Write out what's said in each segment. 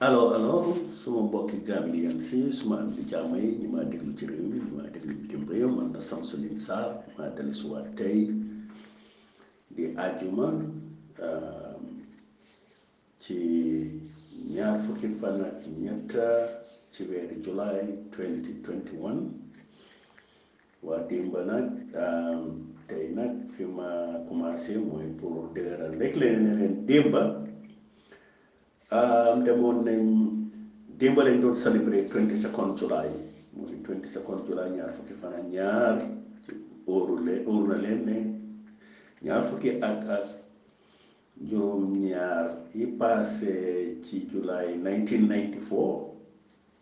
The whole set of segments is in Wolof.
alors alors suma mbokki Gambien si suma am di jàmm yi ñi maa déglu ci réew mi ñi maa déglu bitim réew man na Samsudeen Sarr maa dellu suwaat tey di àjjuma euh, ci ñaar fukki fan ak ñett ci weeru July 2021 waa démb euh, tey nag fi ma commencé mooy pour dëgëral rek leen ne leen démba ndemoonen um, dimbalen ɗon célébré 20 seconde july mo 20 seconde july ñaar fukki fana ñaar orule oruna lene ñaar fukki ak ak juróom ñaar yi passé ci july 1994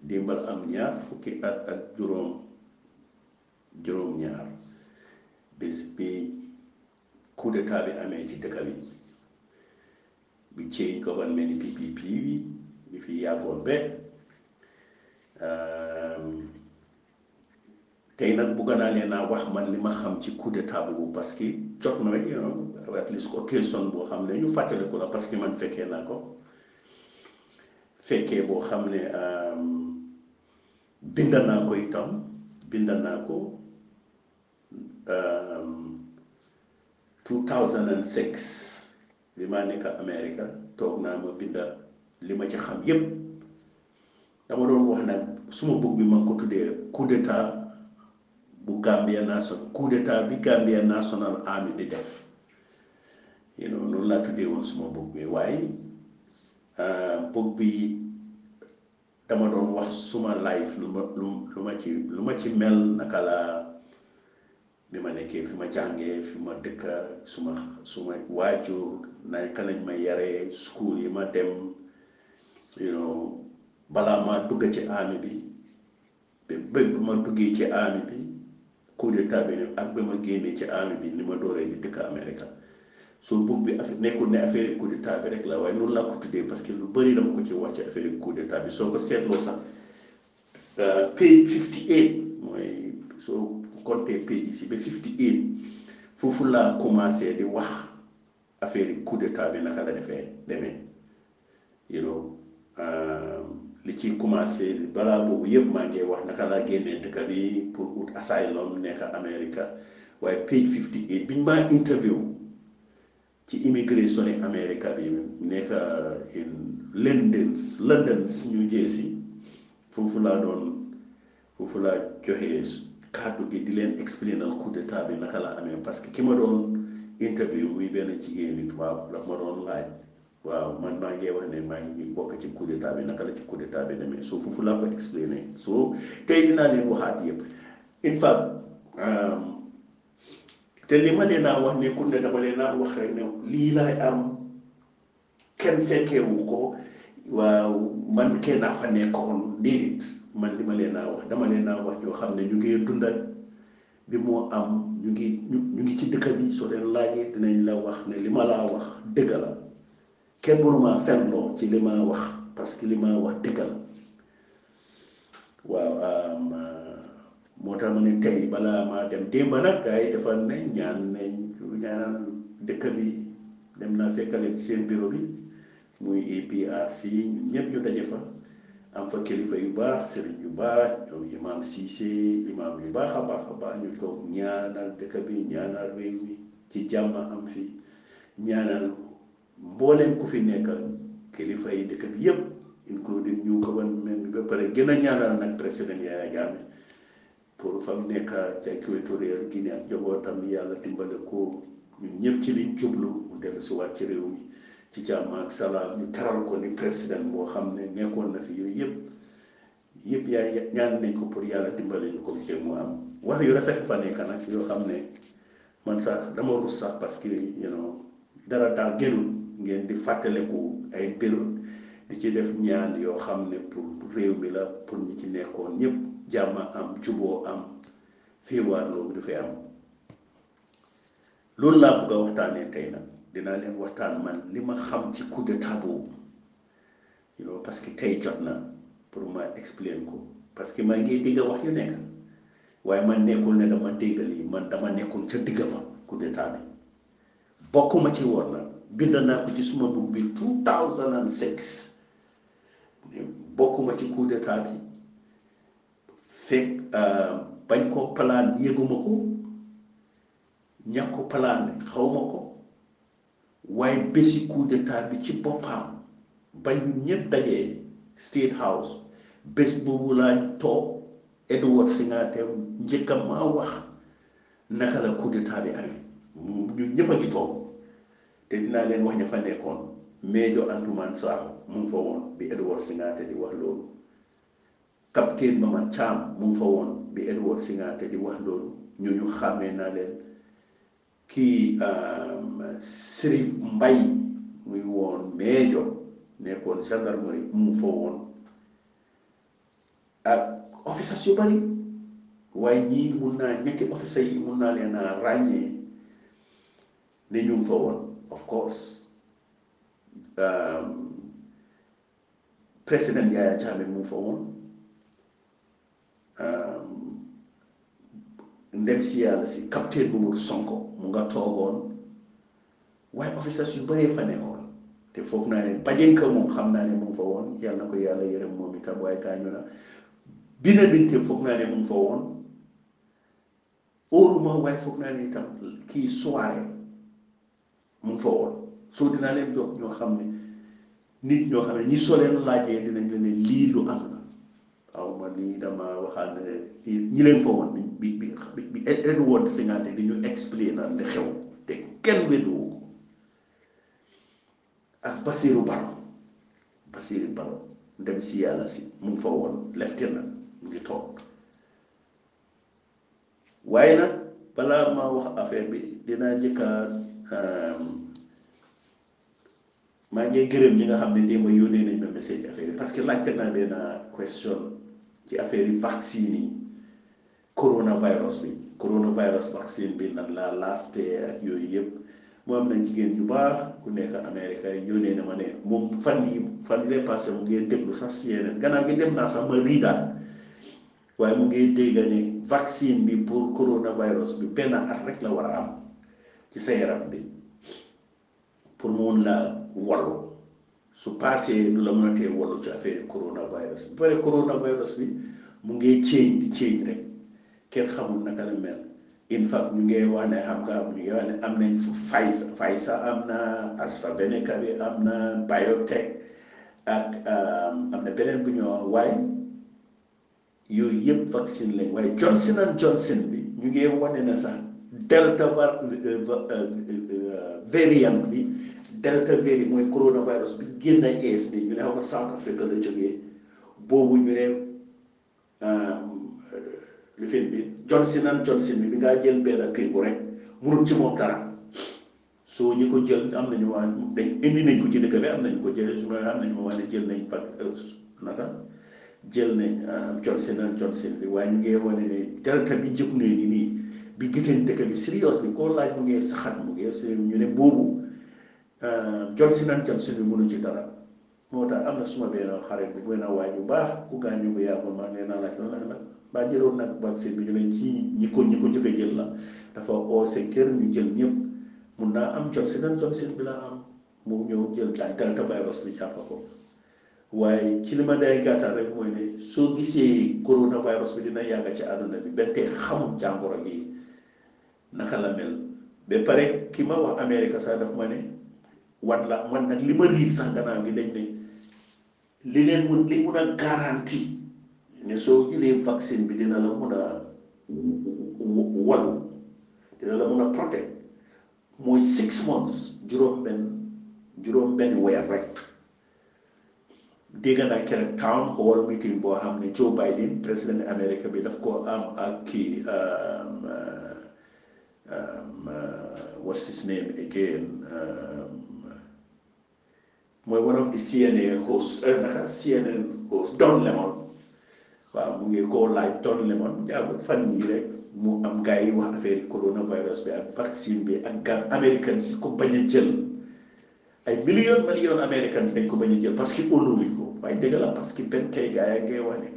dimbal am ñaar fukki ak ak juróom juróom ñaar bis bi coup d'état bi amee ci dëkka bi bi changed government in PPP if you go back. tey nag bugg naa leen a wax man li ma xam ci coup d'état boobu parce que jot na rek euh, at least ko boo xam ne ñu fàttali ko la parce que man fekkee naa ko fekkee boo xam ne euh, bind naa ko itam bind naa ko euh, bi maa nekk Amérique toog naa ma binda li ma ci xam yépp dama doon wax nag suma bëgg bi ma ko tuddee coup d'état bu Gambia nation coup d'état bi Gambia national army di def you noonu laa tuddee woon suma bëgg bi waaye euh, bëgg bi dama doon wax suma life lu ma lu ma ci lu ma ci mel naka laa bi ma nekkee fi ma jàngee fi ma dëkk suma suma waajur naka lañ ma yare school yi ma dem you know balaa ma dugg ci aami bi ba bëgg ma duggee ci aami bi coup d'état bi ak ba ma génnee ci aami bi ni ma dooree di dëkk Amérique so bu bi affaire nekkul ne affaire coup d'état bi rek la waaye noonu laa ko tuddee parce que lu bëri dama ko ci wax ci affaire coup d'état bi soo ko seetloo sax euh, page 58 mooy soo compter page ici ba 58 foofu laa commencé di wax affaire yi coup d'état bi naka la defee demee you know euh, li ci commencé balaa boobu yëpp maa ngi wax naka laa génnee dëkk bi pour ut asylum nekk America waaye page 58 biñ maa interview ci immigration yi America bi nekk euh, in London London New Jersey foofu laa doon foofu laa joxee. kàddu gi di leen explainal coup d'état bi naka la amee parce que ki ma doon interview muy benn jigéen nit waaw daf ma doon laaj waaw man maa ngi wax ne maa ngi bokk ci coup d'état bi naka la ci coup d'état bi demee soo foofu laa ko expliqué soo tey dinaa leen waxaat yëpp in fact um, te li ma leen naa wax ne ku ne dama leen naa wax rek ne lii laay am kenn fekkeewu ko waaw man kenn naa fa nekkoon déedéet man li ma leen a wax dama leen naa wax yoo xam ne ñu ngi dundal li moo am ñu ngi ñu ngi ci dëkk bi soo laaj laajee dinañ la wax ne li ma laa wax dëgg la kenn mënuma fenloo ci li ma wax parce que li ma wax dëgg la waaw moo tax ma ne tey balaa maa dem démb nag gars defal nañ ñaan nañ ñaanal dëkk bi dem naa fekkale ci seen bureau bi muy APRC ñun ñëpp ñu daje fa. am fa kilifa yu baax sëriñ yu baax ñoom imaam Cissé imaam yu baax a baax a baax ñu toog ñaanal dëkk bi ñaanal réew mi ci jàmm am fi ñaanal mbooleem ku fi nekkal kilifa yi dëkk bi yëpp including ñu gouvernement bi pare gën a ñaanal nag président Yaya Jammeh pour fa mu nekk ca Équatorial Guinée ak njabootam yàlla dimbale ko ñu ñëpp ci li jublu mu dellu si waat ci réew mi. ci jàmm ak salaam ñu teral ko ni président boo xam ne nekkoon na fi yooyu yëpp yëpp yaay ñaan nañ ko pour yàlla dimbale ñu ko jéem mu am wax yu rafet fa nekk nag yoo xam ne man sax dama rus sax parce que you know dara daal gënul ngeen di fàttaleku ay mbir di ci def ñaan yoo xam ne pour réew mi la pour ñu ci nekkoon ñëpp jàmm am juboo am fii waar loolu dafay am loolu laa bëgg waxtaanee tey nag. dinaa leen waxtaan man li ma xam ci coup d'état boobu you parce que tey jot na pour ma explain ko parce que maa ngi dégg wax yu nekk waaye man nekkul ne dama dégg lii man dama nekkoon ca digga ma coup d'état bi bokkuma ci woon na bind naa ko ci suma book bi 2006 bokkuma ci coup d'état bi fekk euh, bañ ko palaan yëguma ko ñàkk ko palaan bi xawma ko waaye bési coup d'état bi ci boppam ba ñu ñëpp dajee State House bés boobu laa toog Edward Singate njëkk a maa wax naka la coup d'état bi amee ñu ñëpp ngi toog te dinaa leen wax ña fa nekkoon Major Antuman Sakho mu ngi fa woon bi Edward Singate di wax loolu capitaine Mamad Cham mu ngi fa woon bi Edward Singate di wax loolu ñu xàmmee naa leen kii um, Serif Mbay muy woon meejo nekkoon gendarmerie mu fa woon ak ah, yu bari waaye ñii mun naa ñetti officers yi mun naa leen a ne ñu fa of course um, président Yaya Jammeh mu fa ndem si yàlla si capteur bu mur sonko mu nga toogoon waaye officers yu bëree fa nekkoon te foog naa ne ko moom xam naa ne mu ngi fa woon yàlla na ko yàlla yëre moom itam waaye ñu na bina binte foog naa ne mu ngi fa woon óoruma waaye foog naa ne itam kii soirée mu ngi fa woon soo dinaa leen jox ñoo xam ne nit ñoo xam ne ñi soo leen laajee dinañ la ne lii lu am na waaw ma lii dama waxaat ne ñi leen fa woon E-, dañu woon Singhate di ñu expliquer li xew te kenn wedduwu ak Basiru Baro Basiru Baro dem si yàlla si mu ngi fa woon lieutenant mu ngi toog waaye nag balaa ma wax affaire bi dinaa jëkka euh, maa ngi gërëm ñi nga xam ne démb yónnee nañ ma message affaire parce que laajte naa leen question ci affaire yi vaccine yi coronavirus bi coronavirus vaccine bi nan la laste ak yooyu yëpp mu am na jigen yu baax ku nekk amérique yónnee na mané ne fan yi fan lé passé mu ngi déglu sax si gana gi dem na sax ma ri da way mu ngi dégg vaccine bi pour coronavirus bi ben at rek la wara am ci sayaram bi pour mu la wallo su passé du la mën té wallo ci affaire coronavirus bi coronavirus bi mu ngi change di change rek kenn xamul naka la mel in fact ñu ngi wax ne xam nga ñu ngi wax ne am nañ Pfizer Pfizer am na AstraZeneca bi am na biotech ak um, am na beneen bu ñu wax waaye yooyu yëpp vaccine lañ waaye Johnson and Johnson bi ñu ngi wane na sax delta uh, uh, uh, variant bi delta variant mooy coronavirus bi génn ees bi ñu ne xam nga South Africa la jógee boobu ñu ne. lifin bi Johnson and Johnson bi bi ngaa jël benn kii bu rek mënut ci moom dara soo ñi ko jël am nañu waa dañ indi nañ ko ci dëkk bi am nañu ko jël su ma am ne jël nañ pat euh, naka jël nañ euh, Johnson and Johnson bi waaye ñu ngee wane ne delta bi jëm ne nii bi giteen dëkk bi serious bi koo laaj mu ngee saxat mu ngee s ñu ne boobu Johnson and Johnson bi mënu ci dara moo tax am na suma benn xarit bu benn waay bu baax ku gaañu bu yàggul ma nee naa laaj lan la baa jëloon nag vaccin bi ñu ne ci ñi ko ñi ko njëkk a jël la dafa oose kër ñu jël ñëpp mun naa am Johnson and Johnson bi la am mu ñëw jël daal delta virus bi ci li ma day gàttal soo gisee coronavirus bi dina yàgg ci àdduna bi ba tey xamul jàngoro gi naka ki ma wax Amérique sax daf nag li ma riir sax gannaaw gi dañ li leen mun li mun a garanti ne soo jëlee vaccine bi dina la mun a wàllu dina la mun protect mooy six months juroom Ben, juroom Ben weer rek dégg naa keroog town hall meeting boo xam ne Joe Biden président Amérique bi daf ko am ak ah, kii um, uh, um, uh, what's his name again mooy um, one of the CNN host eh, naka CNN host Don Lemon waaw mu ngi koo laaj Tony Lemon jaagul fan yii rek mu am gars wax affaire coronavirus bi ak vaccine bi ak gan américain si bañ a jël ay million million américain si dañ bañ a jël parce que óoluwuñ ko waaye dëgg la parce que benn tey gars ya ngay wax ne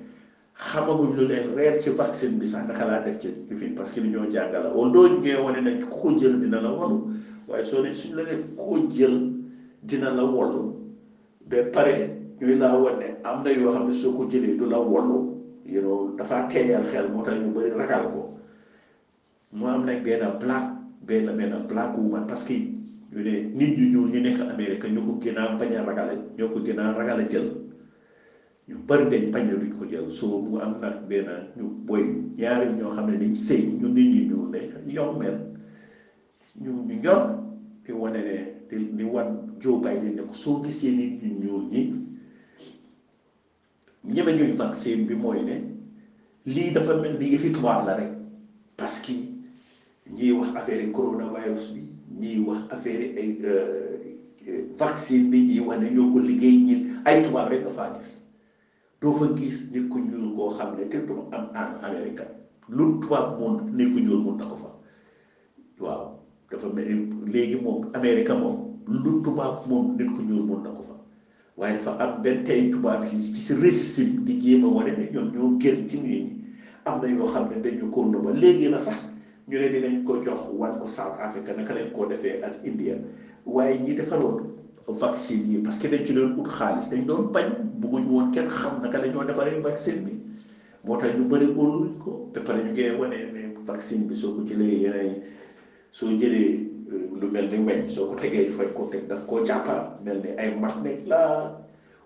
xamaguñ lu leen reer ci vaccine bi sax naka def ci fii parce que li ñoo jàngala wala dooñu ngay wane ne ku ko jël dina la wolu waaye soo ne suñ la ne ku jël dina la wolu ba pare ñuy laa wane am you know dafa teeyal xel moo tax ñu bëri ragal ko mu am nag benn black benn benn black woman parce que ñu ne nit ñu ñuul ñu nekk Amérique ñoo ko gën a bañ a ñoo ragal a jël ñu bëri dañ bañ a duñ ko jël soo mu am nag benn ñu boy ñaari ñoo xam ne dañ sëy ñu nit ñu ñuul ne yow ñu ñor di wane ne di wan Joe Biden ne soo gisee nit ñu ñuul ñi. ñeme ñuñ vaccin bi mooy ne lii dafa mel ni yëfi tubaab la rek parce que ñiy wax affaire coronavirus bi ñiy wax affaire ay euh, euh, vaccin bi ñiy wax ne ñoo ko liggéey ñi ay tubaab rek nga faa gis doo fa gis nit ku ñuul koo xam ne te du am en lu tubaab moom nit ku ñuul na ko fa waaw dafa mel léegi moom Amérique moom lu tubaab moom nit ku ñuul na ko fa. waaye dafa am benn tey tubaab ci ci si récissime di jéem a wane ne ñoom ñoo gën ci nit ñi am na yoo xam ne dañu ko ba léegi na sax ñu ne dinañ ko jox wan ko South Africa naka lañ koo defee ak India waaye ñi defaroon vaccine yi parce que dañ ci doon ut xaalis dañ doon bañ bugguñ woon kenn xam naka la ñoo defaree vaccine bi moo tax ñu bëri óoluñ ko ba pare ñu ngee wane ne vaccine bi soo ko jëlee yeneen soo jëlee lu mel ni weñ soo ko tegee fañ ko teg daf koo jàppal mel ni ay mag nekk la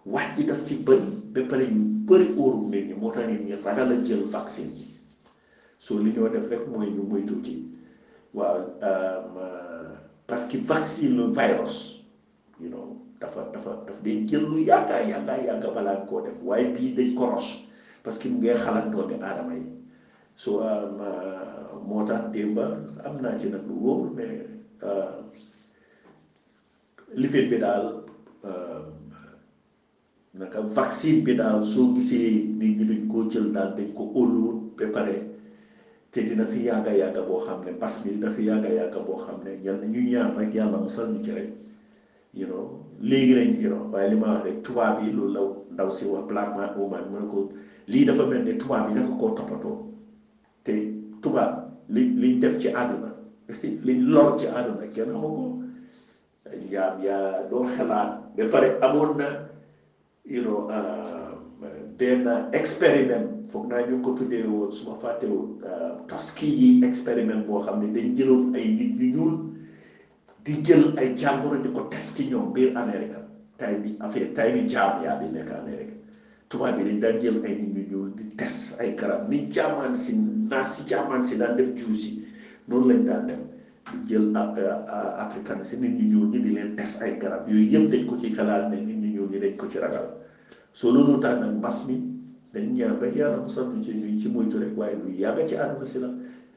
wax ji daf ci bëri ba pare yu bëri óoru nit ñi moo tax nit ñi ragal a jël vaccin yi soo li ñoo def rek mooy ñu moytu ci waaw euh, parce que vaccin le virus you dafa dafa daf day jël lu yàggaa yàgga balaa koo def waaye bii dañ ko ros parce que mu ngay xalaat doomi aadama yi so euh, moo tax démba am naa ci nag lu wóor mais Euh, lifin bi daal euh, naka vaccine bi daal soo gisee nit ñi dañ koo jël daal dañ ko óoluwut ba pare te dina fi yàgga yàgga boo xam ne parce que dina fi yàgga yàgga boo xam ne yal na ñuy ñaan rek yàlla musal ñu ci rek you léegi lañ you know waaye li ma wax rek tubaab yi loolu la ndaw si wax black man woman mu ne ko lii dafa mel ne tubaab yi dafa koo toppatoo te tubaab li liñ def ci àdduna liñ lor ci àdduna kenn xamu ko yaa yaa doo xalaat ba pare amoon na you know euh, benn expériment foog naa ñu ko tuddee woon su ma fàttewul euh, Tuskegee expériment boo xam ne dañ jëloon ay nit ñu ñuul di jël ay jàngoro di ko test ci ñoom biir Amérique tay bi affaire tay bi jaam yaa bi nekk Amérique tubaab bi dañ daan jël ay nit ñu ñuul di test ay garab nit jaamaan si naa si jaamaan si daan def juus noonu lañ daan dem di jël ah, ah, africain si nit ñu ñëw ñi di leen tes ay garab yooyu yëpp dañ ko ci xalaat ne nit ñu ñëw ñi dañ ko ci ragal soo loolu tax nag mbas mi dañ ñaan rek yàlla mu sant ci ñuy ci moytu rek waaye lu yàgg ci àdduna si la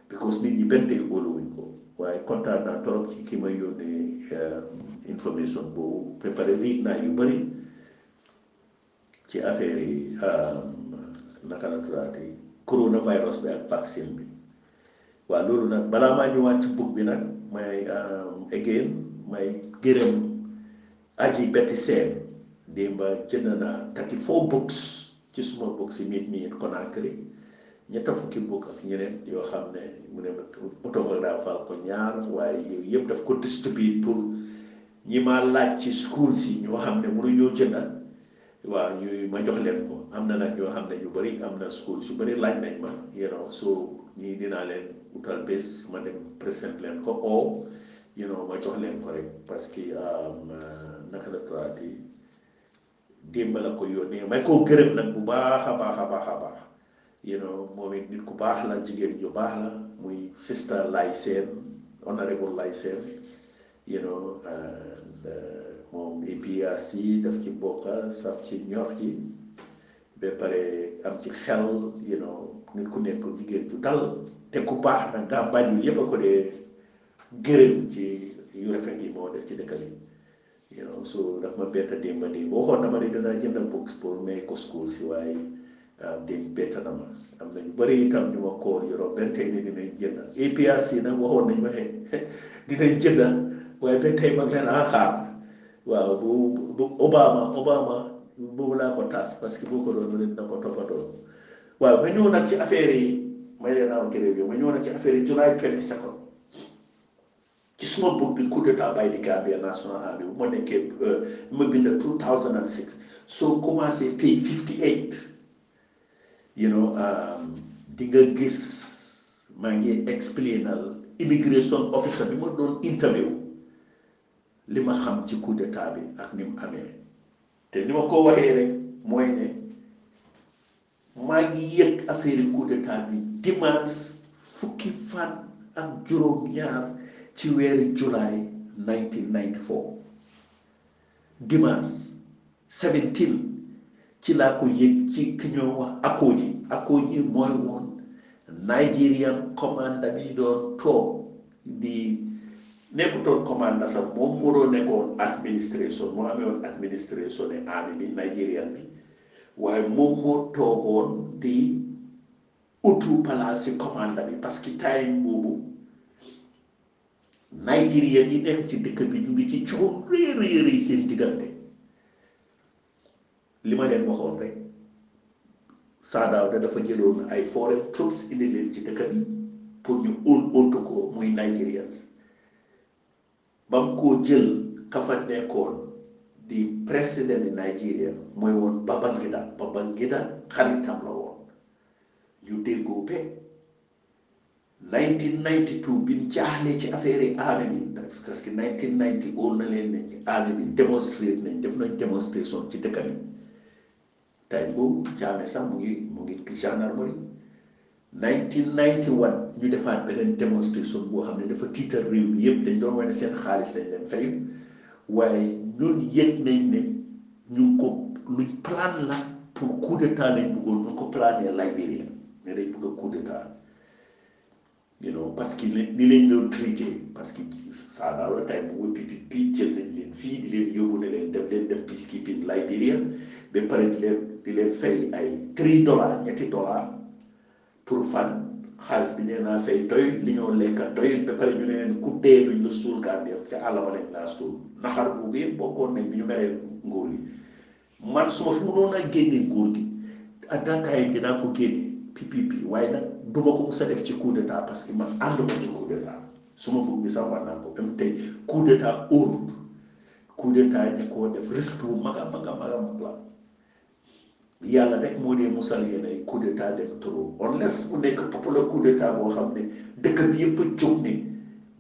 because nit ñi benn tey óoluwuñ ko waaye kontaan naa trop ci ki may yónnee eh, information boobu préparé lii naa yu bëri ci affaire yi um, naka la coronavirus bi ak vaccine bi waa loolu nag balaa ma ñëwaat ci book bi nag may euh, again may gërëm aji betti seen démba jënd naa thirty four books ci suma book si miit mi it Conakry ñetta fukki book ak ñeneen yoo xam ne mu ne autographe ko ñaar waaye yëpp daf ko distribuer pour ñi ma laaj ci school si ñoo xam ne mënu ñoo jëndal waaw ñuy ma jox leen ko am na nag yoo xam ne ñu bari am na school su bari laaj nañ ma you so ñii dinaa leen utal bés ma dem présent leen ko oo you know ma jox leen ko rek parce que um, euh, naka la tuwaati démb la ko yónnee may koo gërëm nag bu baax a baax a baax a baax you moom it nit ku baax la jigéen ju baax la muy sister lay seen honorable lay seen you know euh, moom APRC daf ci bokka saf ci ñor ci ba pare am ci xel you know nit ku nekk jigéen ju dal te ku baax nag ngaa bàññu yëpp ko dee gërëm ci yu rafet yi moo def ci dëkk bi yow su daf ma bett démb nii waxoon na ma ne danaa jënd books pour may ko school si waaye ah, démb bett na ma am na ñu bëri itam ñu ma koor yoroo benn tey ne dinañ jënd APRC nag waxoon ma ne waaye benn tey mag leen en ah, xaar waaw bu bu Obama boobu laa ko tas parce que boo ko doon leen na ko toppatoo waaw nga nag ci affaire may leen am bi ma ñëw nag ci affaire July 22 ci suma book bi coup d'état bàyyi di Gambia National Army bu ma nekkee euh, ma bind 2006 soo commencé page 58 you know um, di nga gis maa ngi explainal immigration officer bi ma doon interview li ma xam ci coup d'état bi ak ni mu amee te ni ma ko waxee rek mooy ne maa ngi yëg affaire coup d'état bi. dimanche fukki fan ak juróom-ñaar ci weeri july 1994 dimanche 17 ci laa ko yëg ci ki ñoo wax Akooji Akooji mooy woon Nigerian commander bi doon toog di nekkutoon commander sax moom moo nekkoon administration moo amee woon administration ne bi Nigerian bi waaye moom moo toogoon di. utu palasi commande bi parce que time bobu nigeria yi def ci dekk bi ñu ngi ci ci reere reere seen digante lima len waxon waxoon rek saadaaw da dafa jëlon ay foreign troops indi len ci dekk bi pour ñu ul to ko muy nigerians bam ko jël ka fa nekkon di de nigeria moy won babangida babangida xaritam la ñu déggoo ba 1992 bi ñu jaaxlee ci affaire yi aada bi parce que 1990 wóor na leen ne ci aada bi démonstré nañ def nañ démonstration ci dëkk bi time boobu jaame sax mu ngi mu ngi gendarmerie 1991 ñu defaat beneen démonstration boo xam ne dafa tiital réew mi yëpp dañ doon wane seen xaalis lañ leen fayu waaye ñun yëg nañ ne ñu ngi ko luñ plan la pour coup d'état lañ bëggoon ñu ko plané Libéria mais dañ bëgg a coup d'état you know parce que ni lañ doon traité parce que saa daaw la time boobu PPP jël nañ leen fii di leen yóbbu ne leen def leen def peacekeeping Liberia ba pare di leen di leen fay ay 3 dollars ñetti dollars pour fan xaalis bi nee naa fay doy li ñoo lekk doy ba pare ñu ne leen ku dee duñ la suul Gambia ca àll ba laa suul naxar boobu yëpp bokkoon nañ bi ñu meree nguur yi man su ma fi mënoon a génne nguur gi attaques yi dinaa ko génne. PPP waaye nag du ma ko mus def ci coup d'état parce que man ànd ko ci coup d'état su ma bëgg bi sax war naa ko même tey coup d'état óorut coup d'état ñu koo def risque bu mag a mag a mag yàlla rek moo dee musal yéen ay coup d'état dem trop unless mu nekk populaire coup d'état boo xam ne dëkk bi yëpp a jóg ne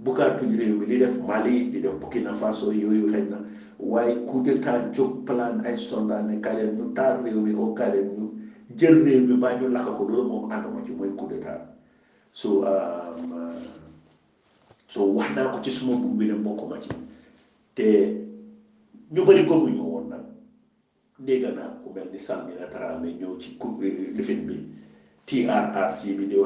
buggaatuñ réew mi li def Mali di def Burkina Faso yooyu xëy na waaye coup d'état jóg plan ay soldat ne kaleen ñu taal réew mi jël réew mi baa ñu lakk ko loolu moom ànd ci mooy coup d'état so um, uh, so wax naa ko ci suma buum bi ne bokkuma ci te ñu bëri gëmuñu ma woon nag dégg naa ku mel ni Samina Traoré ñëw ci coup lifin eh, bi TRRC bi bi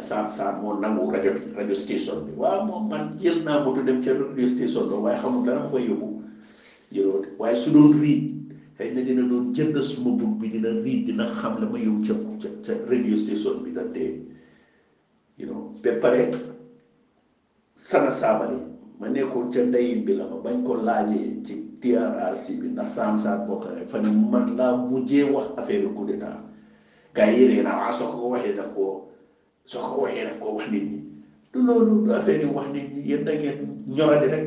saam saam moo nangu rajo bi rajo station bi waaw moom man jël naa moto dem ca rajo station bi waaye xamul dara ma fay yóbbu waaye su doon rii xëy na dina doon jënd suma bug bi dina riid dina xam la ma yow ca ca ca radio station bi da tee you know ba pare sana saabali ma nekkoon ca ndayin bi la ma bañ ko laajee ci TRRC bi ndax saam saam bokk na fa ne man laa mujjee wax affaire coup d'état gars yi ree naa waa soo ko waxee daf koo soo ko waxee daf koo wax nit ñi du loolu affaire yi wax nit ñi yéen da ngeen ñorade rek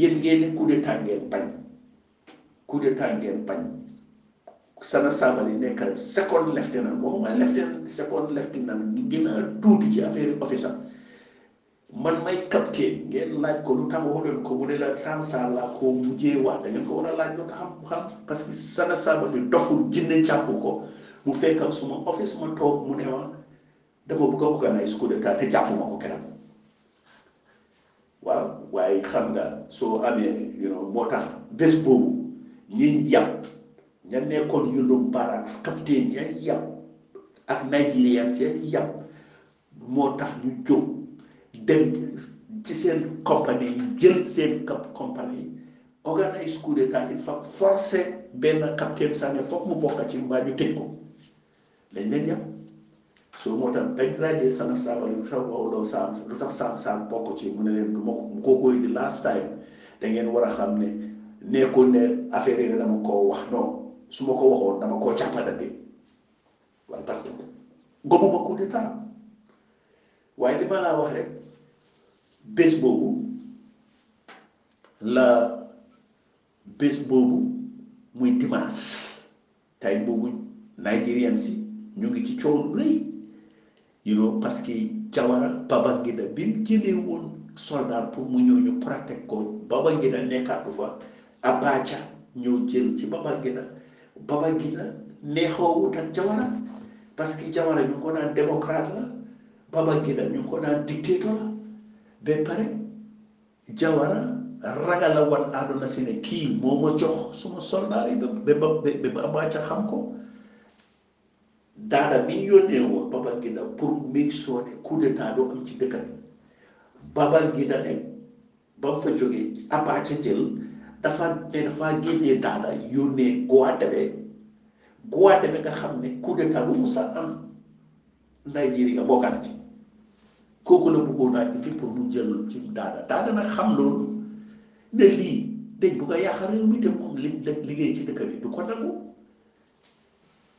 yéen ngeen coup d'état ngeen bañ coup d'état ngeen saa Sana Sabally nekkal second lieutenant waxuma lieutenant second lieutenant gën a tuuti ci affaire office man may capitaine ngeen laaj ko lu tax ko mu ne laa ko wax a lu tax xam parce que Sana Sabally doful jinne càpp ko mu fekkam suma office ma toog mu ne ma dafa bëgg a organise coup d'état te jàppuma ko kenam waaw waaye xam nga soo amee you know moo tax bés boobu ñiñ yàpp ña nekkoon yulum barracks capitaine ya yàpp ak nigerian seen yàpp moo tax ñu jóg dem ci seen compagnie yi jël seen cap compagnie yi organise coup d'état il faut forcer benn capitaine Sané foog mu bokk ci mbaa ñu tëj ko dañ leen yàpp soo moo tax bañ ràññee Sana Sabally lu tax Maodo Sam lu tax Sam Sam bokk ci mu ne leen du ma ko koy di last time da ngeen war a xam ne nekkul ne. affaire yi dama koo wax non su ma ko waxoon dama koo jàppalante waaye parce que gomuma coup d'état waaye li ma laa wax rek bés boobu la bés boobu muy dimanche tay boobu Nigerian ñu ngi ci coow rëy you know parce que Jawara Babangida bi mu jëlee woon soldat pour mu ñëw ñu protect ko Babangida nekkaatu fa Abacha ñëw jël ci babar gi na gi neexoo wut ak jawara parce que jawara ñu ngi ko naan démocrate la babar gi na ñu ngi ko naan dictateur la ba pare jawara ragal a wan àdduna si ne kii moo ma jox suma soldaar yi ba ba ba ca xam ko daada bi yónnee woon Babangida pour make sure ne coup am ci dëkk bi Babangida ne ba mu fa jógee Abacha jël dafa te dafa génnee daala yónnee Guadeloupe Guadeloupe nga xam ne coup d'état lu musa am Nigeria bokk na ci kooku la bëggoon a indi pour mu jël ci daala daala nag xam loolu ne lii dañ bëgg a réew mi te moom liggéey ci dëkk bi du ko nangu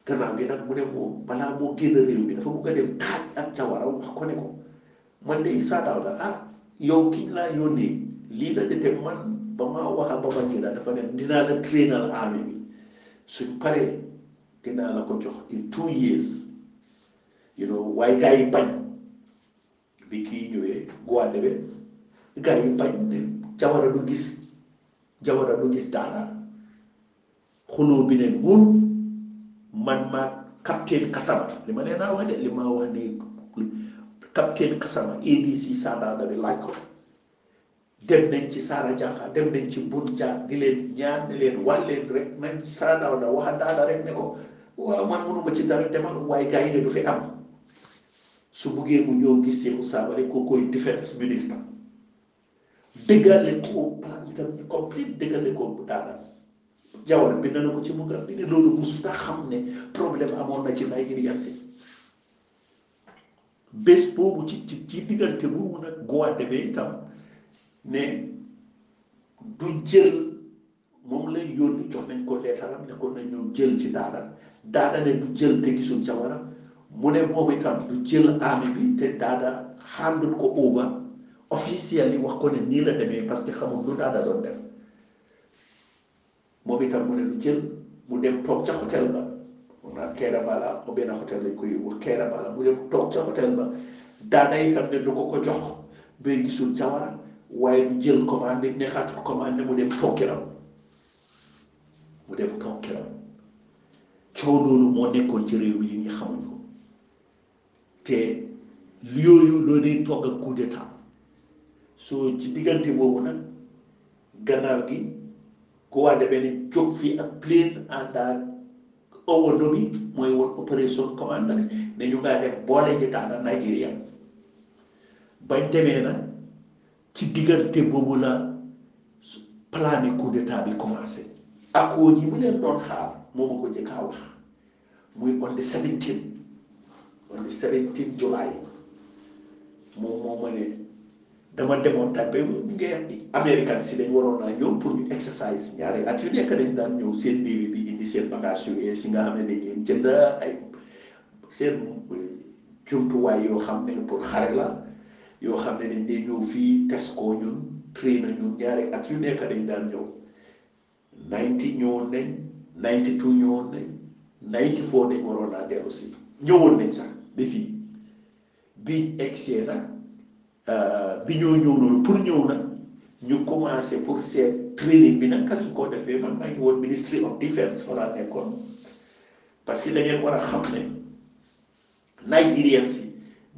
gannaaw gi nag mu ne moom balaa moo génn réew mi dafa bëgg a dem taaj ak jawara wax ko ne man de Essa Dawda ah yow kiñ laa yónnee lii la de te man ba ma waxal ba ma kii dafa ne dinaa la trainal army bi suñ paree dinaa la ko jox in two years you know waaye gars yi bañ bi kii ñëwee Guadebe gars yi bañ ne jawara du gis jawara du gis daara xuloo bi ne mun man ma captain Kasama li ma nee naa wax de li ma wax nii captain Kasama ADC Saadaada bi laaj ko. dem nañ ci Saara Diakha dem nañ ci Bun Diakha di leen ñaan di leen wax leen rek nañ saa daaw da wax daada rek ne ko waaw man mënuma ci dara du fi am su mu ñëw gis Seexu Saaba rek ko koy defense ministre dëggale ko plan itam ñu complète dëggale ko bi na ko ci mu bi ne loolu musuta xam ne problème amoon na ci Nigeria si bés boobu ci ci diggante boobu nag Goa demee itam mais du jël moom lay yónni jox nañ ko leetaram ne ko nañu jël ci daada daada ne du jël te gisul jawara mu ne moom itam du jël ami bi te daada xàndul ko uba officiel yi wax ko ne nii la demee parce que xamul lu daada doon def moom itam mu ne du jël mu dem toog ca hôtel ba mun naa keera bala mu benn hôtel lañ ko keera bala mu dem toog ca hôtel ba daada itam ne du ko ko jox ba gisul jawara waaye ñu jël commande nekkaat fa commande mu dem tokkiram mu dem tokkiram coow loolu moo nekkoon ci réew yi ñu xamuñ ko te yooyu loo dee togg ak coup d'état soo ci diggante boobu nag gannaaw gi ku waa ni jóg fii ak plaine ànd ak owondo bi mooy woon opération commande ne ñu ngaa dem boole ci Nigeria bañ demee nag ci diggante boobu la plan coup d'état bi commencé accord yi mu leen doon xaar moo ma ko njëkk a wax muy on the seventeen on the seventeen July moom moo ma ne dama demoon tàbbe mu ngi américain si dañ waroon naa ñëw pour ñu exercise ñaari at yu dañ daan ñëw seen biir bi indi seen bagage yu ees nga xam ne dañ leen jënd ay seen jumtuwaay yoo xam ne pour xare la yoo xam ne dañ dee ñëw fii Tesco ñun train na ñun ñaari at yu nekk dañ daan ñëw ninety ñëwoon nañ ninety two ñëwoon nañ ninety four nañ waroon naa dellu si ñëwoon nañ sax ba fii bi biñ egsee nag euh, bi ñoo ñëw noonu pour ñëw na ñu commencé pour seet training bi naka lañ koo defee man maa ngi woon ministry of defence fa laa nekkoon parce que da war a xam ne Nigerians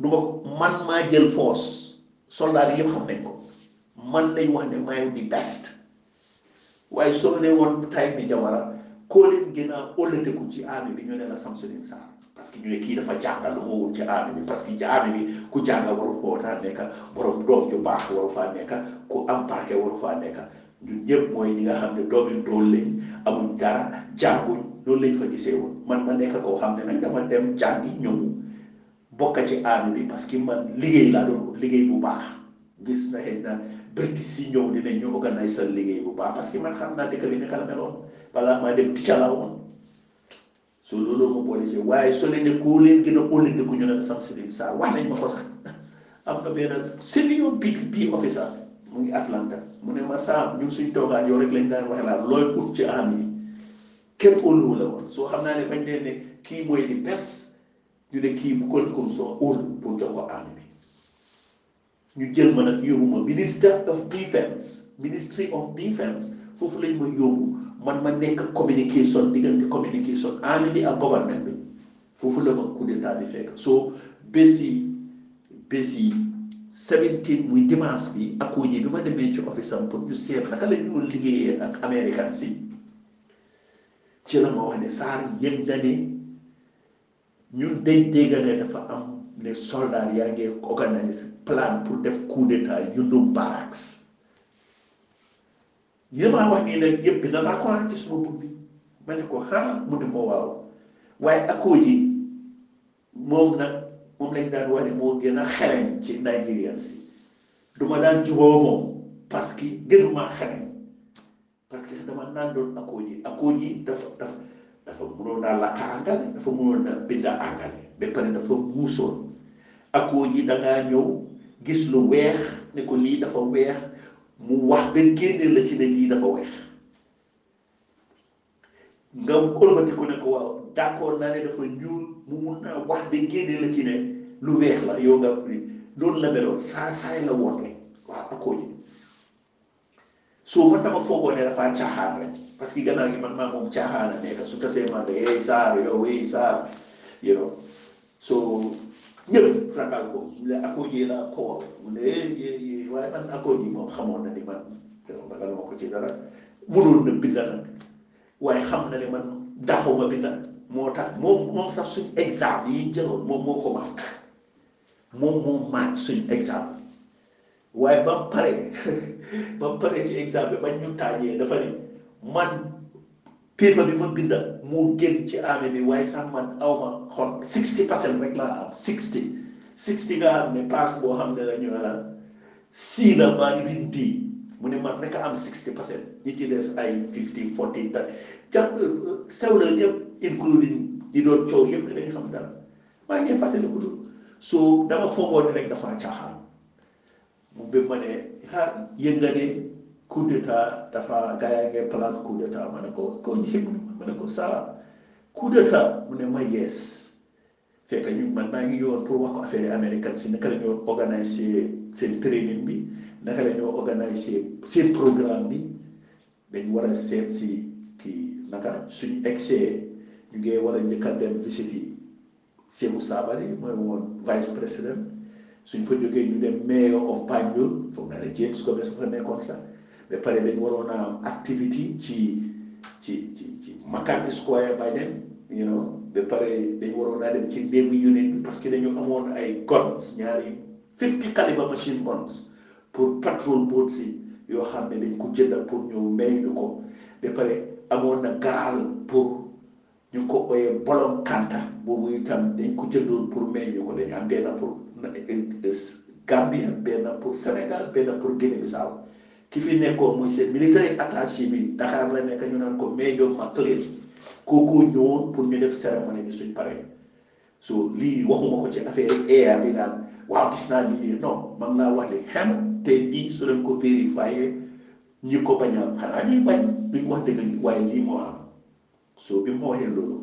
du ma man maa jël force soldat yi yëpp xam ne ko man lañ wax ne maay di best waaye soo ne woon tay bi jawara koo leen gën a ëllëteeku ci armée bi ñu ne la Samsudeen Sarr parce que ñu ne kii dafa jàngal lu mu wut ci armée bi parce que ci armée bi ku jàngal waru faa nekk boroom doom ju baax waru faa nekk ku am barke waru faa nekk ñun ñëpp mooy ñi nga xam ne doom doo dool lañ amul dara jànguñ loolu lañ fa gisee woon man ma nekk koo xam ne nag dama dem jàngi ñëw. bokk ci armée bi parce que man liggéey laa doon liggéey bu baax gis na xëy na British yi ñëw dinañ ñu organise seen liggéey bu baax parce que man xam naa dëkk bi naka la meloon balaa maa dem ticca laa woon so loolu waaye soo leen ne koo gën a óolin dëkku ñu ne sam Sirif ma ko sax am na benn senior bi bi officer mu ngi Atlanta mu ne ma Sarr ñun suñ toogaan yow rek lañ daan waxee laa looy ut ci armée bi kenn la soo xam naa ne bañ dee ne kii mooy di pers ñu ne kii bu ko commission óolu pour jox ko armée bi ñu jël ma nag yóbbu ma minister of defence ministry of defence foofu lañ ma yóbbu man ma nekk communication diggante communication armée bi ak gouvernement bi foofu la ma coup d'état bi fekk soo bés yi bés yi 17 muy dimanche bi ak wuñi bi ma demee ci office am pour ñu seet naka la liggéeyee ak american si ci la ma wax ne Sarr yëm na ñu dañ dégg ne dafa am les soldats yaa ngi organise plan pour def coup d'état yundum barracks yi maa wax nii nag yëpp dina laa ko ci suma bopp bi ma ne ko ah mu ne ma waaw waaye akoo nag moom lañ daan wax ne moo gën a xereñ ci Nigerian si duma daan juboo moom parce que maa xereñ parce que dama naan doon akoo ji akoo dafa dafa dafa mënoon a lakk àngale dafa mënoon a bind àngale ba pare dafa muusoon akoo ji da ñëw gis lu weex ne ko lii dafa weex mu wax ba génne la ci ne lii dafa waaw d'accord naa ne dafa ñuul mu mun naa la ci lu weex la yow nga loolu la meloon saa saay la woon rek waaw akoo ji soo man dama foogoo ne dafaa caaxaan rek parce que gannaaw gi man maa moom caaxaana nekk su tasee man de hey Sarr yow hey Sarr you know so ñëpp ragal ko la akooji la kool moom xamoon na ni man ragal ma ko ci dara mënoon na binda nag waaye xam na ne man daxuma binda moo tax moom moom sax suñ exemple yi ñu moom moo ko màkk moom moo suñ exemple waaye ba pare ba pare ci exemple ba ñu taajee dafa ne man paper bi ma binda moo génn ci armée bi waaye sax man awma xon sixty percent rek laa am sixty sixty nga xam ne pass boo xam ne la ñu la sii la maa ngi bind di mu ne man rek am sixty percent ñi ci ay fifty forty ta jàpp sew la ñëpp including di doon coow yëpp ne dañ xam dara maa ngi fàttali ko so dama foogoon ne rek dafa caaxaan mu ba ma ne xaar yënga ne coup d'état dafa gaa yaa ngee plan coup d'état ma ne ko koo njëkk ma ne ko saa coup d'état mu ne ma yees fekk ñu man maa ngi yoon pour wax ko affaire américaine si naka la ñoo seen training bi naka la ñoo seen programme bi dañ war a seet si ki naka suñu excès ñu ngee war a njëkk a dem visite yi Sékou Sabali mooy woon vice président suñ fa jógee ñu dem mayor of Banjul foog naa ne James Gomez fa nekkoon sax de pare dañ waroon a am activité ci ci ci ci McCarthy Square by then you know ba pare dañ waroon dem ci néegu unit bi parce que dañu amoon ay guns ñaari fifty calibre machine guns pour patrol boat si yoo xam ne dañ ko jënd pour ñëw mbéy ñu ko ba pare amoon na gaal pour ñu ko ooyee bolom kanta boobu itam dañ ko jëndoon pour mbéy ñu ko dañ am benn pour Gambie benn pour Sénégal benn pour Guinée Bissau ki fi nekkoon mooy seen military attaché bi Dakar la nekk ñu naan ko Major McLean kooku ñëwoon pour ñu def cérémonie bi suñ paree so lii waxuma ko ci affaire air bi daal waaw gis naa lii non man naa wax li xem te lii su leen ko vérifié ñi ko bañ a xanaa ñuy bañ duñ wax dëgg waaye lii moo am so bi mu waxee loolu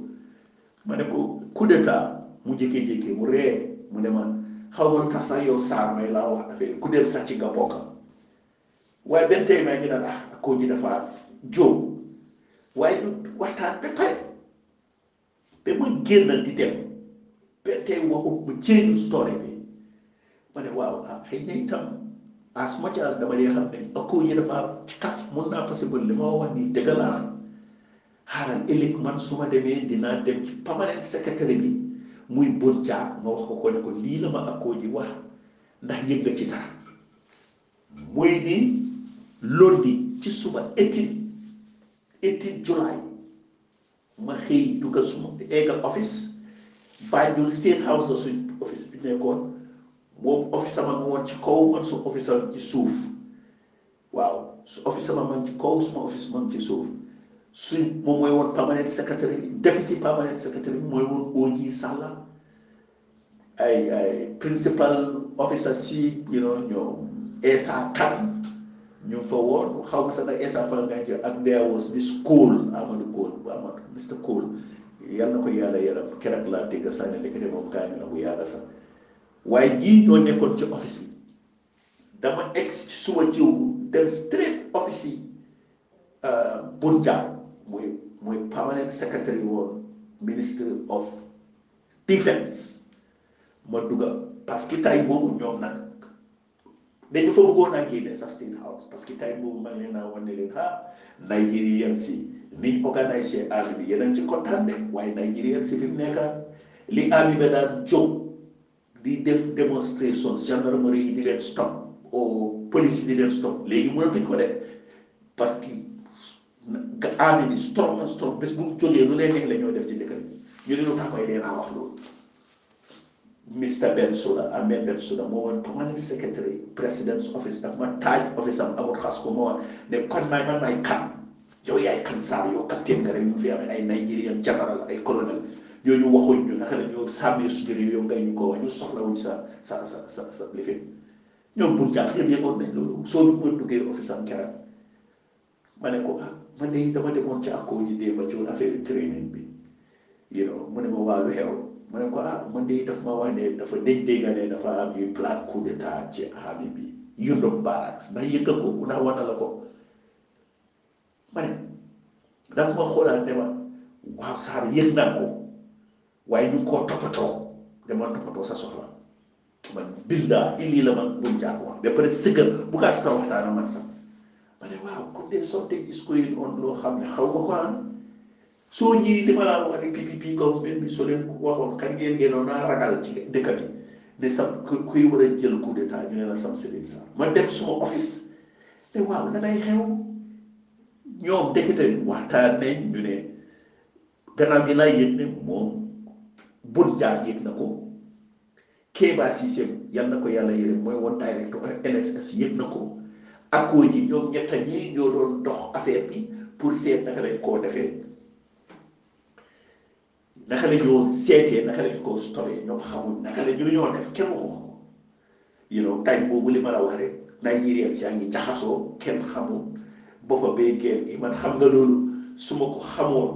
ma ne ko coup d'état mu jékkee-jékkee mu ree mu ne ma xaw ma tax sax yow saar may laa wax affaire ku dem sax ci nga bokka waaye benn tey may ñu ne ah koo ji dafa jóom waaye ñu waxtaan ba pare ba ma génn di dem benn tey waxut mu jéem story bi ma ne waaw ah xëy na itam as much as dama dee xam ne ak koo ji dafa xaaral ëllëg man su ma demee dinaa dem ci permanent secretary bi muy bon jaar ma wax ko ko ne ko lii la ma ak ji wax ndax yëg nga ci dara muy nii londi ci suba eighteen eighteen July ma xëy duggal suma eggal office Banjul State House la suñ office bi nekkoon moom office sama nga woon ci kaw man su office am ci suuf waaw su office sama man ci kaw suma ci suuf suñ moom mooy woon permanent secretary bi deputy permanent secretary bi mooy woon Oji Salla ay ay principal officer si you ñoom Essa Kane ñu ngi fa woon xaw ma sax nag instant faral nañ ak there was this Cole Amadou Cole bu Amadou Mr Cole yal na ko yàlla yaram keroog laa dégg sax ne ndekete moom gaañu na bu yàgg sax waaye ñii ñoo nekkoon ci office bi dama egg ci suba jiw dem office yi euh, Bunja mooy mooy permanent secretary woon ministry of defence ma dugga parce que tay boobu ñoom nag. dañu fa bëggoon a génne sa state house parce que time boobu man leen naa wan ne leen ah Nigerian si niñ organisé army bi yéen a ngi ci kontaan de si fi mu nekk li army bi daan jóg di def démonstration gendarmerie yi di leen stop au oh, police di leen stop léegi mënatuñ ko de parce que army bi storm na storm bés bu mu lu leen neex la def ci dëkk bi ñu ne lu tax may leen a wax loolu. Mr. Bensouda Ahmed Bensouda moo woon permanent secretary president's office ndax ma taaj office am amul xas ko moo woon ne kon maay man yow yaay kan saar yow capitaine nga rek ñu fi amee ay Nigerian général ay colonel ñooñu waxuñ ñu naka la ñoo ko wax ñu soxlawuñ sa sa sa ñoom bu jàpp yëpp yëgoon nañ loolu soo ma duggee office am keroog ma ne ko ah man de dama demoon ci akoo ñu démb ci woon affaire training bi you know mu ne ma waa lu xew ma ne ko ah man de daf ma wax ne dafa dégg dégga ne dafa am ñuy plan coup d'état ci army bi Europe barracks ma yëg ko ku ndax wana la ko ma ne dafa ma xoolaat ne ma waaw Sarr yëg naa ko waaye ñu koo toppatoo dama toppatoo sa soxla man billah lii la man doon jaar wax ba pare sëgga bugaat ta waxtaana man sax ma waaw comme des something is going on loo xam ne xaw ma ko am ah. soo ñii li ma laa wax ni PPP government bi soo waxoon kan ngeen gënoon naa ragal ci dëkk bi ne ku kuy war a jël coup ñu ne la sam Siré ma dem suma office te waaw lanay xew ñoom dëkkate bi waxtaan nañ ñu ne gannaaw gi lay yëg ne moom bun jaar yëg na ko Kéba Cissé yal na ko yàlla yërëm mooy woon directeur NSS yëg na ko ak koo ji ñoom ñett ñi ñoo doon dox affaire bi pour seet naka lañ koo defee naka la ñoo seetee naka la ñu ko storé ñoom xamul naka la ñu ñoo def kenn waxu ko you time boobu li ma la wax rek Nigerian si yaa ngi jaxasoo kenn xamul boppa bee geen gi man xam nga loolu su ma ko xamoon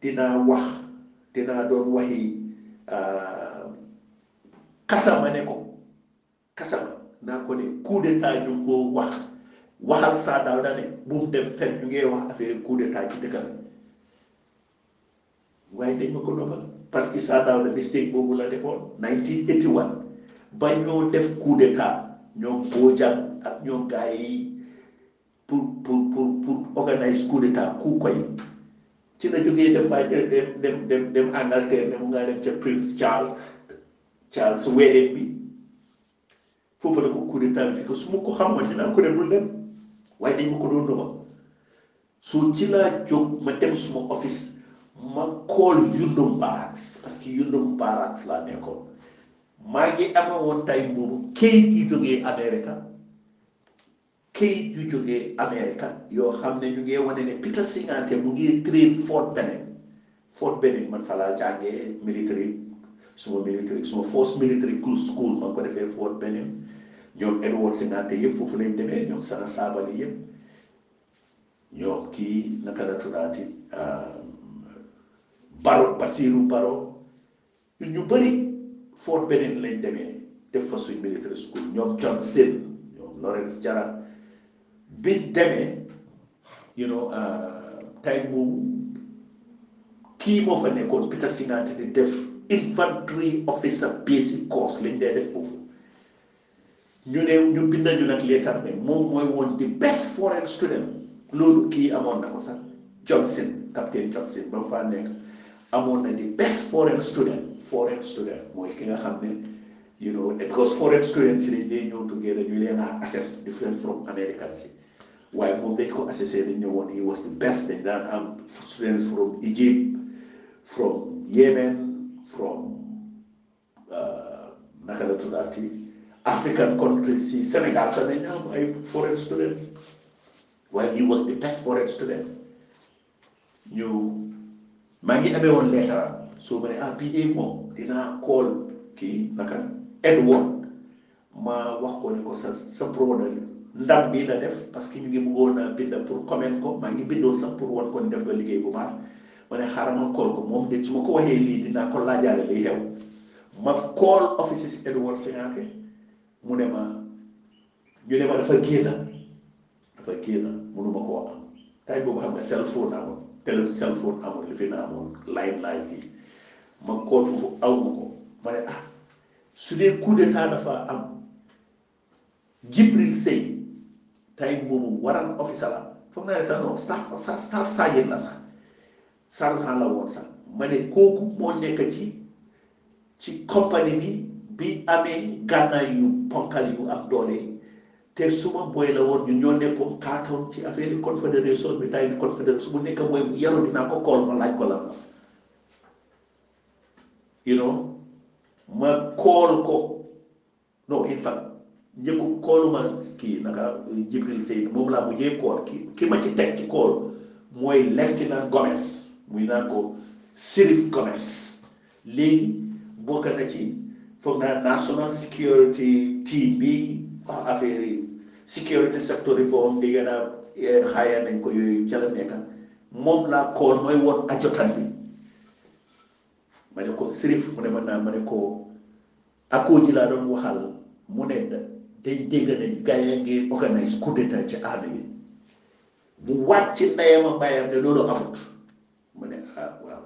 dinaa wax dinaa doon waxi uh, kasama ne ko kasama naa ko ne coup d'état ñu ko wax waxal saa daaw daa ne bu mu dem fen ñu ngee wax affaire coup d'état ci dëkk waaye dañ ma ko nobal parce que Issa Daawda mistake boobu la defoon 1981 ba ñoo def coup d'état ñoom Bojang ak ñoom gars pour pour pour pour organise coup d'état coup koy ci la jógee dem ba dem dem dem dem Angleterre mu ngaa dem ca Prince Charles Charles wedding bi foofu la ko coup d'état bi que su ma ko xamoon ko dem bul dem waaye dañ ma ko doon nobal soo ci laa jóg ma dem suma office. ma kool yundum barracks parce que yundum barracks laa nekkoon maa ngi amewoon tay boobu kayit yu jógee Amérique kayit yu jógee Amérique yoo xam ne ñu ngi wane ne Peter Singante mu ngi train Fort Benning Fort Benning man fa laa jàngee military suma military suma force military school ma ko defee Fort Benning ñoom Edward Singante yëpp foofu lañ demee ñoom Sana Sabali yëpp ñoom kii naka la tuddaati euh, baro basiiru baro ñu bari Fort Benning lañ demee def fa suñ military school ñoom John Sinn Lawrence Jara biñ demee you know euh, time boobu kii moo fa nekkoon Peter Singati di def infantry officer basic course lañ dee def foofu ñu ne ñu binda ñu nag leetar ne moom mooy woon di best foreign student loolu kii amoon na ko sax Johnson capitaine Johnson ba mu faa nekk Among the best foreign student foreign student mooy ki nga you know eh, because foreign students yi dañ ñëw together ñu leen a assess different from Americans Why waaye moom dañ ko assessé dañ ne he was the best dañ daan am students from Egypt from Yemen from uh, naka la African countries yi Sénégal sax dañ am ay foreign students Why he was the best foreign student ñu. maa ngi amee woon leetara soo ma ne ah bii de moom dinaa kool kii naka Edward ma wax koo ne ko sa sa broda ndam bii la def parce que ñu ngi bëggoon a bind pour comment ko maa ngi bindoon sax pour wan ko ne def la liggéey bu baax ma ne xaaral ma kool ko moom de su ma ko waxee lii dinaa ko laajaale lay xew ma kool offices Edward Singate mu ne ma ñu ne ma dafa génn dafa génn mënuma koo am time boobu xam nga cell phone naa ko télé cell phone amul li fi na amoon line line yi ma koor foofu aw ma ko ma ah su dee coup d'état dafa am Jibril Sey time boobu waral officer la foog naa ne sax non staff staff sergent sax la woon sax ma kooku moo nekk ci ci compagnie bi bi amee gànnaay yu ponkal yu am doole te suma booy la woon ñun ñoo nekkoon kaatoon ci affaire confédération bi day confédération bu nekk mooy bu yaru dinaa ko kool ma laaj ko lan la you know ma kool ko non in fact njëkku kooluma kii naka Jibril Seydou moom laa mujjee kool ki ki ma ci teg ci kool mooy lieutenant Gomez muy naan ko Sirif Gomez léegi bokk na ci foog naa national security team bi affaire yi security sector reform di gën a eh, nañ ko yooyu ca la nekka moom laa kool mooy woon ajotan bi ma ne ko sirif mu ne mën naa ma ne ko akoo ji laa doon waxal mu ne dañ dégg ne gars yi ngi organise coup d'état ci àll bi mu wàcc ndeyama bàyyam ne loolu amut mu ne ah waaw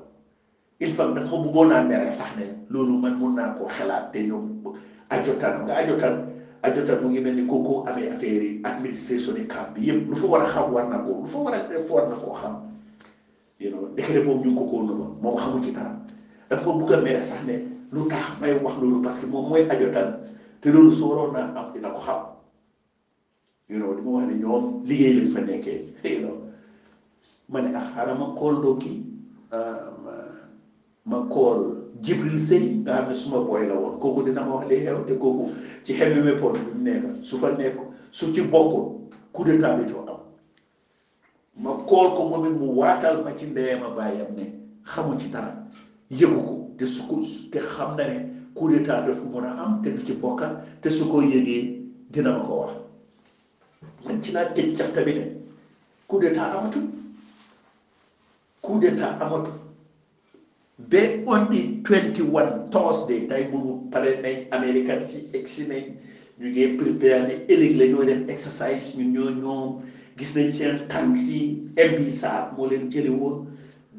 il faut dafa ma bëggoon naa mere sax ne loolu man mun naa koo xalaat te ñoom ajotan nga ajotan ajota mu ngi mel ni kooku amee affaire administration yi camp bi lu fa war a xam war na ko lu fa war a def war na koo xam you know ndekete moom ñu ngi ko koo moom xamu ci dara daf may wax loolu parce que moom mooy ajotan te loolu su waroon naa am dina xam you know ma wax ne ñoom liggéey lañ fa nekkee you ma ne ah xaaral ma kool doo kii ah, ma kool jibril sëy nga xam ne suma booy la woon kooku dina ma wax li xew te kooku ci xememe pon bi mu nekka su fa nekk su ci bokkul coup d'état bi to am ma kool ko moom mu waatal ma ci ndeyam a bàyyam ne xamu ci dara yëgu ko te su ko te xam na ne coup d'état dafa mën a am te du ci bokka te su ko yëgee dina ma ko wax man ci laa tëj caxta bi ne coup d'état amatul coup d'état amatul ba on the 21 Thursday tey boobu pare nañ American si egg si nañ ñu ngi prepare ne ëllëg la ñoo exercise ñun ñoo ñoo gis nañ seen tànk si MB Sarr moo leen jële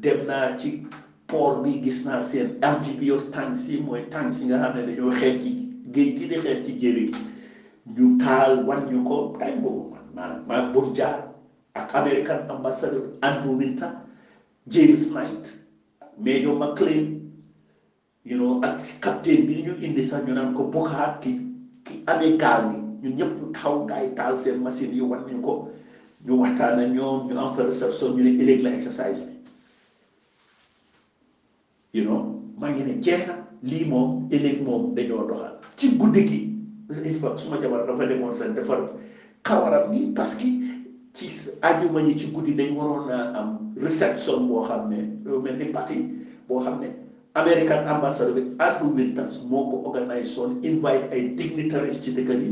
dem naa ci port bi gis naa seen amphibious tànk si mooy tànk si nga xam ne dañoo xeex ci géej gi di xeex ci jëri ñu taal wan ñu ko tey boobu man maa maa Burja ak American ambassador Andrew Winter James Knight Major McLean you know ak si captain bi ñu indi sax ñu naan ko Buhar ki ki amee gaal gi ñëpp ñu taxaw gars yi taal seen machine yi wan ñu ko ñu waxtaan ak ñoom ñu am fa réception ñu ne ëllëg la exercise bi maa ngi ne jeex na lii moom ëllëg moom dañoo doxal ci guddi gi li fa suma jabar dafa demoon seen defar kawaram gi parce ci àjjuma ñi ci guddi dañ waroon a am réception boo xam ne lu mel ni parti boo xam ne American ambassador bi Andrew Winters moo ko organise woon invite ay dignitaries ci dëkk bi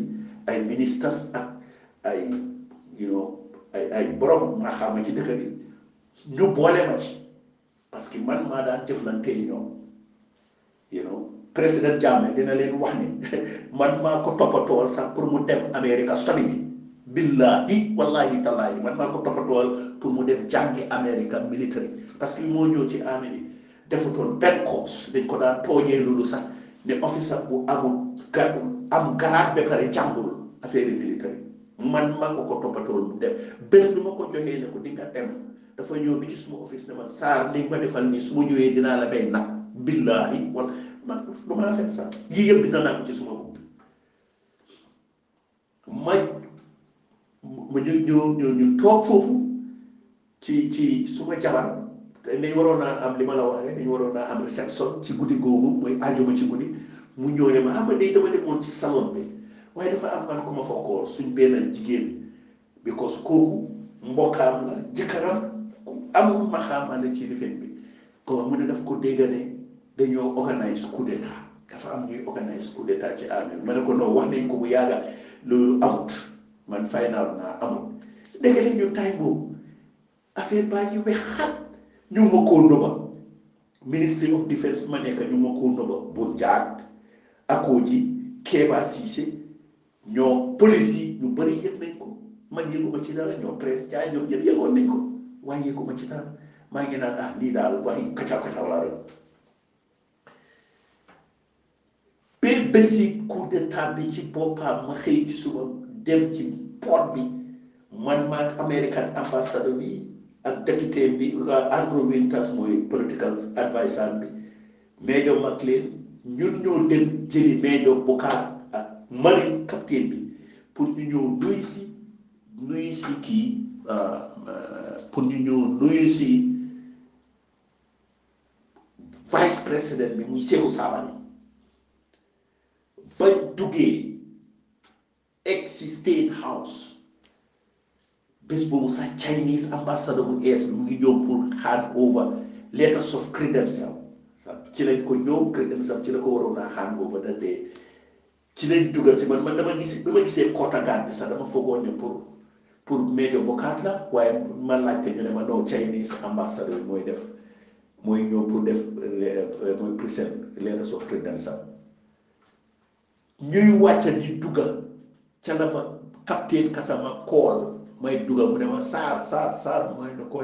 ay ministers ak ay you ay ay borom maa xam ci dëkk bi ñu boole ci parce que man maa daan jëflante ñoom you know président Jammeh dina leen wax ne man maa ko toppatool sax pour mu dem Amérique su billahi wallahi tallahi man maa ko toppatoowal pour mu dem jàngi America military parce que moo ñëw ci armée bi defutoon benn su dañ ko daan tooñee loolu sax ne officer bu amul ga am garaat ba pare jàngul affaire military man maa ko ko toppatoowal mu def bés bi ma ko joxee ne ko di nga dem dafa ñëw bi ci suma office ne ma saar li ma defal nii su ma ñëwee dinaa la bay nag billahi wala man du maa fekk sax yii yëpp dina naa ko ci suma bopp ma ñu ñu ñu toog foofu ci ci suma jabar dañ waroon naa am li ma la wax rek dañ waroon naa am réception ci guddi googu mooy ajuma ci guddi mu ñëw ne ma xam ah nga day dama demoon ci salon bi waaye dafa am man ku ma fokkoon suñ benn jigéen because kooku mbokkaam la jëkkëram am ma xam ci rifet bi kon mu ne daf ko dégg ne dañoo organise coup d'état dafa am ñuy organise coup d'état ci am ma ne ko non wax nañ ko bu yàgga loolu amut man fay naa amul dégg ñu tay boobu affaire baa ñu wex xat ñu ma koo ndóba ministry of defence ma nekk ñu ma koo ndóba bul jaag akoo ji Kéba Cissé ñoo police yi ñu bëri yëg nañ ko man yëguma ci dara ñoo presse jaay ñoom ñëpp yëgoon nañ ko waaye yëguma ci dara maa ngi naan ah lii daal waaye kacaw kacaw laa doon ba bési coup d'état bi ci boppam ma xëy ci suba. dem ci port bi man maak American ambassador bi ak député bi Andrew Winters mooy political adviser bi Major McLean ñun ñoo dem jëli Major Bokar ak marine capitaine bi pour ñu ñëw nuyu si nuyu si kii euh, pour ñu ñëw nuyu si vice président bi muy Seku Sabali bañ duggee. existed house bés boobu sax Chinese ambassador bu ees mu ngi ñëw pour hand over letters of credential ci lañ ko ñëw credential ci la ko waroon naa hand over da dee ci lañ dugal si man man dama gis dama gisee kotagaan bi sax dama foogoon ne pour pour major la waaye man laajte ñu ne ma non Chinese ambassador mooy def mooy ñëw pour def euh, euh, mooy present letters of credential ñuy wàcca di dugga ca la ma captain kasama kool may dugal mu ne ma saar saar saar mooy ne ko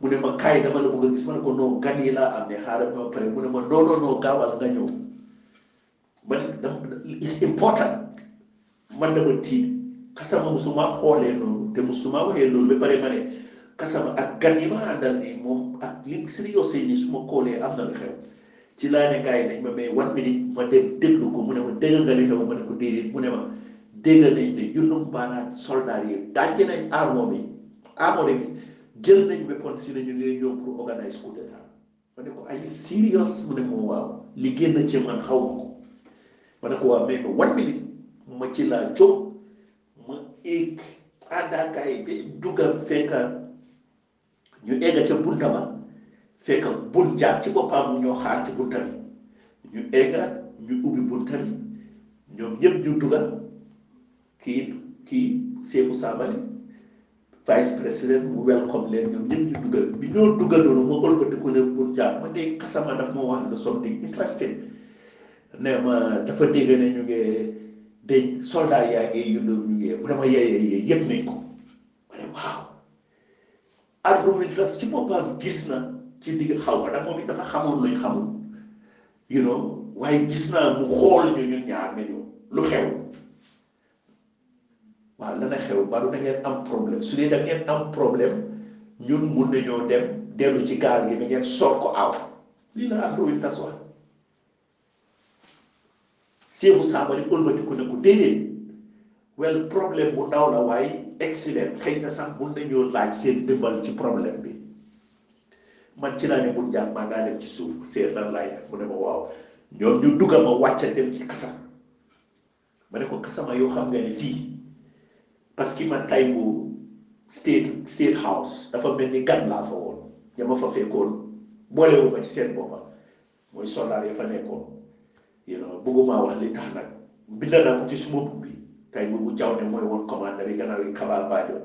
mu ne ma kaay dama la bëgg a gis ma ne ko noo gan yi laa am ne xaaral ma pare mu ne ma non non non gaawal nga ñëw man xoolee noonu te musuma waxee loolu ba pare ma ne kasama ak gan yi ma àndal nii moom ak li sérieux ni su ma koolee am na lu xew ci laa ne gars yi nañ ma mais one minute ma dem déglu ko mu ne ma dégg nga li xew ma ne ko déedéet mu ne ma. dégg nañ ne Yundum Banna soldat yi dajji nañ armée bi armée bi jël nañ weapon si ne ñu ngi ñëw pour organise ma ne ko ay serious mu ne moo waaw li génn ci man xaw ma ko ma ne ko waaw mais one minute ma ci laa jóg ma éeg àndaakaay bi dugga fekka ñu egg ca bunta ba fekk bun jaar ci boppam ñoo xaar ci bunta bi ñu egga ñu ubbi bunta bi ñoom ñëpp ñu dugga kii kii Seeku Sabali vice président mu welcome leen ñoom ñëpp ñu dugal bi ñoo dugal noonu ma ëlbatiku ne pour jàpp ma dégg dafa dégg ne ñu ngi dañ soldat yaa ngi yu ñu ngi bu dama yeeyee yee yëpp nañ ko ma ne waaw addomitas ci boppam gis na ci digg xaw ma nag moom it dafa xamul luñ xamul you know waaye gis naa mu xool ñu ñun ñaar nañu lu xew waaw lana xew baru da ngeen am problème su dee da ngeen am problème ñun mun nañoo dem dellu ci gaal gi bi ngeen soog ko aw lii la afro wi tas wax seebu saabali ëlbatiku ne ko déedéet wel problème bu ndaw la waaye excellent xëy na sax mun nañoo laaj seen dimbal ci problème bi man ci laa ne bul jàpp maa ngaa dem ci suuf seet lan laay def mu ne ma waaw ñoom ñu dugga ma wàcca dem ci kasam ma ne ko kasama yoo xam nga ne fii parce que man tay bu state state house dafa mel ni gan laa fa woon ñama fa fekkoon boolewu ci seen boppam mooy soldaar ya fa nekkoon you know bëggumaa wax li tax nag bind naa ko ci suma bopp bi tay bu bu jaw ne mooy woon commande bi gannaaw yi kabaa baajo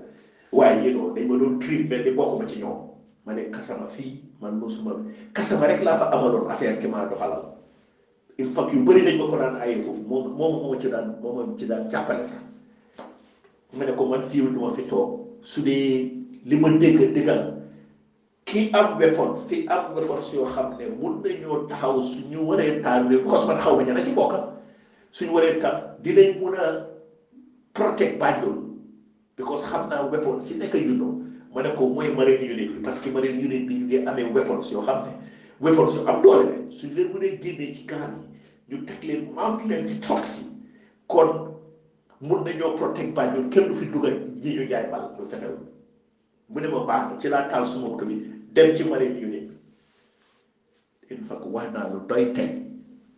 waaye you know dañ ma doon crime mel bokkuma ci ñoom ma ne kasama fii man mosuma kasama rek laa fa amaloon affaire ki maa doxalal il faut yu bëri dañ ma ko daan ayee foofu moom moom ci daan ci daan jàppale sax ma ne ko man fii du ma fi toog su dee li ma dégg déggal ki am weapon fi am weapon yoo xam ne mun nañoo taxaw suñu waree taal réew because man xaw ma ñana ci bokka suñu waree taal dinañ mun a protect Banjul because xam naa weapon si nekk juddoo ma ne ko mooy marine unit bi parce que marine unit bi ñu ngi amee weapons yoo xam ne weapons yu am doole ne suñ leen mënee génnee ci gaal yi ñu teg leen mount leen ci trucks yi kon mun nañoo protect ba ñun kenn du fi dugga ñi ñu jaay bal lu fexew mu ne ma baax na ci laa taal suma oto bi dem ci marine unit in fact wax naa lu doy tey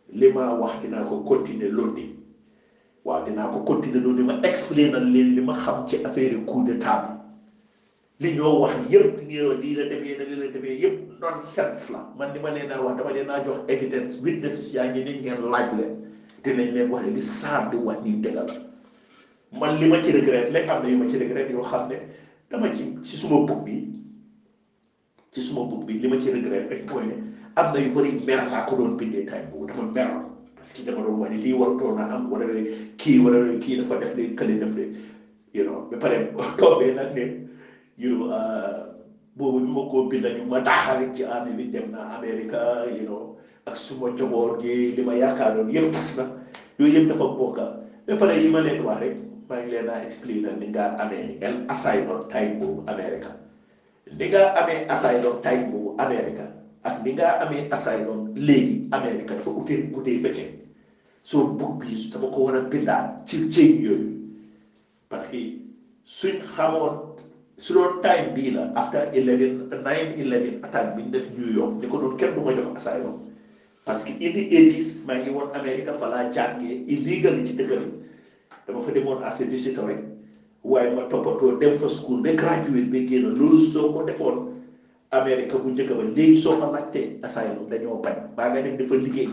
li ma wax dinaa ko continuer loolu di waaw dinaa ko continuer loolu nii ma expliqué leen li ma xam ci affaire coup d'état bi li ñoo wax yëpp lii la demee na lii la demee yëpp nonsense la man li ma leen a wax dama leen naa jox evidence witnesses yaa ngi ni ngeen laaj leen dinañ leen wax li saar di wax nii dëgg man li ma ci regret léegi am na yu ma ci regret yoo xam ne dama ci ci suma bug bi ci suma bug bi li ma ci regret rek mooy ne am na yu bëri mer laa ko doon bindee time boobu dama meroon parce que dama doon kii ne lii na am kii dafa def de de you know ba pare tombee nag ne you know euh, boobu ñu ma koo ci armée bi dem na Amérique you know ak suma joboor ma yaakaaroon yëpp tas yooyu yëpp dafa bokka ba pare yi ma leen wax rek. maa ngi leen a expliquer ni ngaa amee el asylum time boobu America ni ngaa amee asylum time boobu America ak ni ngaa amee asylum léegi America dafa utee guddee bëccëg soo book bi dama ko war a bindaat ci ceeb yooyu parce que suñ xamoon su doon time bii la after eleven nine eleven attaque bi ñu def New York ni ko doon kenn du ma jox asylum parce que indi eighties maa ngi woon America fa laa jàngee illegal ci dëkk bi dama fa demoon assez visiteur rek waaye ma toppatoo dem fa school ba graduate ba génn loolu soo ko defoon Amérique bu njëkk ba léegi soo fa laajtee asylum dañoo bañ baa nga dem dafa liggéey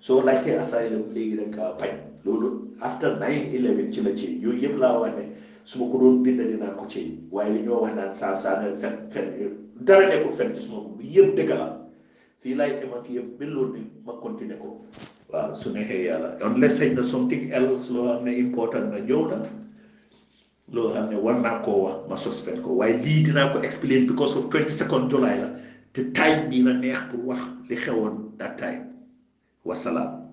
soo laajtee asylum léegi dañ kaa bañ loolu after nine eleven ci la ci yooyu yëpp laa wax ne su ma ko doon bind dinaa ko ci waaye li ñoo wax naan saan saanel fen fen dara nekkul fen ci suma ko bu yëpp dëgg la fii laay dem ak yëpp ba loolu ma continuer ko waaw su neexee yàlla unless sañ na something else loo xam ne important na ñëw na loo xam ne war naa koo wax ma suspend ko waaye lii dinaa ko explain because of 22nd July la te time bii la neex pour wax li xewoon that time wasalaam